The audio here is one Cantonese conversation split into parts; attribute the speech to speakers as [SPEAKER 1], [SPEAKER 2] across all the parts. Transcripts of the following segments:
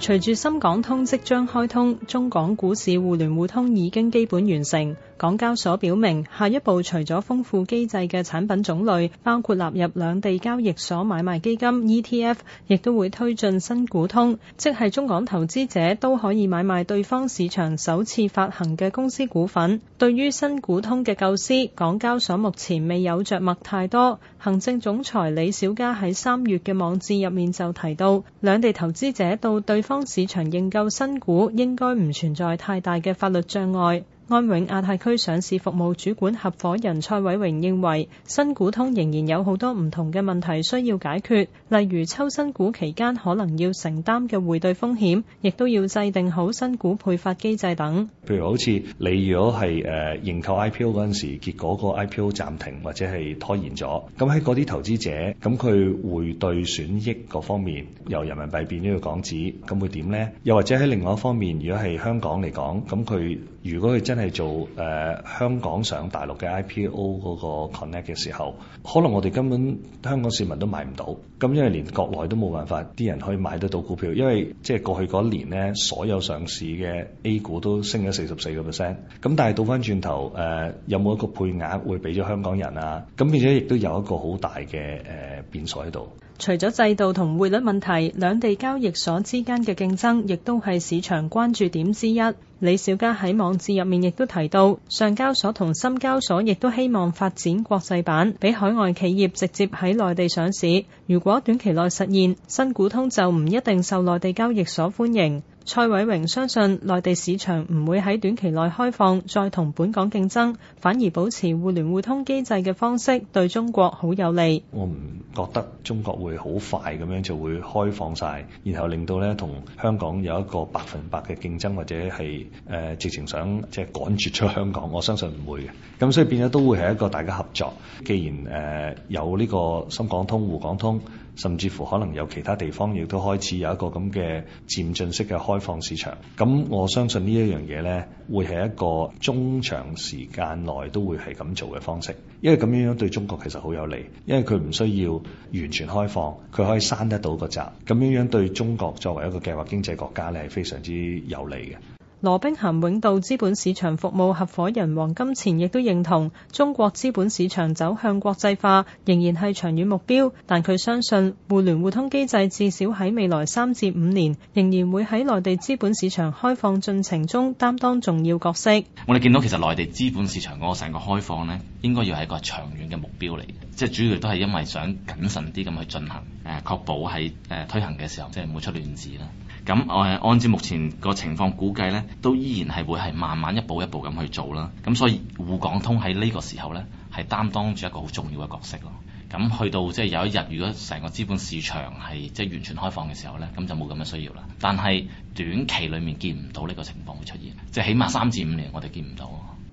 [SPEAKER 1] 隨住深港通即將開通，中港股市互聯互通已經基本完成。港交所表明，下一步除咗豐富機制嘅產品種類，包括納入兩地交易所買賣基金、ETF，亦都會推進新股通，即係中港投資者都可以買賣對方市場首次發行嘅公司股份。對於新股通嘅構思，港交所目前未有着墨太多。行政總裁李小加喺三月嘅網誌入面就提到，兩地投資者到對方市場認購新股應該唔存在太大嘅法律障礙。安永亞太區上市服務主管合伙人蔡偉榮認為，新股通仍然有好多唔同嘅問題需要解決，例如抽新股期間可能要承擔嘅匯兌風險，亦都要制定好新股配發機制等。
[SPEAKER 2] 譬如好似你如果係誒認購 IPO 嗰陣時，結果個 IPO 暫停或者係拖延咗，咁喺嗰啲投資者，咁佢匯兌損益嗰方面由人民幣變咗個港紙，咁會點呢？又或者喺另外一方面，如果係香港嚟講，咁佢如果佢真係做誒、呃、香港上大陸嘅 IPO 嗰個 connect 嘅時候，可能我哋根本香港市民都買唔到，咁因為連國內都冇辦法啲人可以買得到股票，因為即係、就是、過去嗰一年咧，所有上市嘅 A 股都升咗四十四個 percent，咁但係倒翻轉頭誒，有冇一個配額會俾咗香港人啊？咁並且亦都有一個好大嘅誒、呃、變數喺度。
[SPEAKER 1] 除咗制度同匯率問題，兩地交易所之間嘅競爭亦都係市場關注點之一。李小加喺網誌入面亦都提到，上交所同深交所亦都希望發展國際版，俾海外企業直接喺內地上市。如果短期內實現新股通，就唔一定受內地交易所歡迎。蔡偉榮相信內地市場唔會喺短期內開放再同本港競爭，反而保持互聯互通機制嘅方式對中國好有利。
[SPEAKER 2] 我唔覺得中國會好快咁樣就會開放晒，然後令到咧同香港有一個百分百嘅競爭，或者係誒、呃、直情想即係趕絕出香港，我相信唔會嘅。咁所以變咗都會係一個大家合作。既然誒、呃、有呢個深港通、滬港通。甚至乎可能有其他地方亦都開始有一個咁嘅漸進式嘅開放市場，咁我相信呢一樣嘢咧，會係一個中長時間內都會係咁做嘅方式，因為咁樣樣對中國其實好有利，因為佢唔需要完全開放，佢可以閂得到個閘，咁樣樣對中國作為一個計劃經濟國家咧係非常之有利嘅。
[SPEAKER 1] 羅兵咸永道資本市場服務合伙人黃金錢亦都認同，中國資本市場走向國際化仍然係長遠目標，但佢相信互聯互通機制至少喺未來三至五年仍然會喺內地資本市場開放進程中擔當重要角色。
[SPEAKER 3] 我哋見到其實內地資本市場嗰個成個開放呢，應該要係一個長遠嘅目標嚟嘅，即係主要都係因為想謹慎啲咁去進行，誒確保喺誒推行嘅時候即係唔會出亂子啦。咁我係按照目前個情況估計呢，都依然係會係慢慢一步一步咁去做啦。咁所以滬港通喺呢個時候呢，係擔當住一個好重要嘅角色咯。咁去到即係有一日，如果成個資本市場係即係完全開放嘅時候呢，咁就冇咁嘅需要啦。但係短期裡面見唔到呢個情況會出現，即係起碼三至五年我哋見唔到。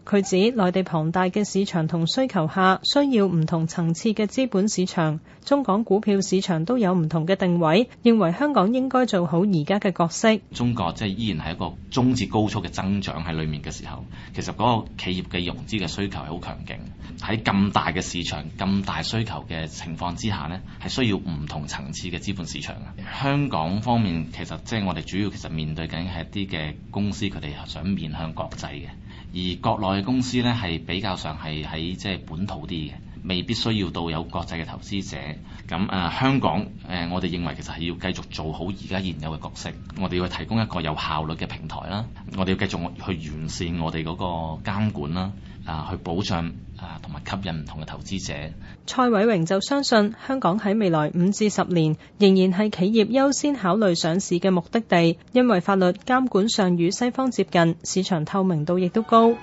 [SPEAKER 1] 佢指內地龐大嘅市場同需求下，需要唔同層次嘅資本市場。中港股票市場都有唔同嘅定位，認為香港應該做好而家嘅角色。
[SPEAKER 3] 中國即係依然係一個中至高速嘅增長喺裏面嘅時候，其實嗰個企業嘅融資嘅需求係好強勁。喺咁大嘅市場、咁大需求嘅情況之下，呢係需要唔同層次嘅資本市場嘅。香港方面其實即係、就是、我哋主要其實面對緊係一啲嘅公司，佢哋想面向國際嘅，而國內公司咧，係比較上係喺即係本土啲嘅，未必需要到有國際嘅投資者。咁啊，香港誒，我哋認為其實係要繼續做好而家現有嘅角色，我哋要提供一個有效率嘅平台啦。我哋要繼續去完善我哋嗰個監管啦，啊，去保障啊，同埋吸引唔同嘅投資者。
[SPEAKER 1] 蔡偉榮就相信香港喺未來五至十年仍然係企業優先考慮上市嘅目的地，因為法律監管上與西方接近，市場透明度亦都高。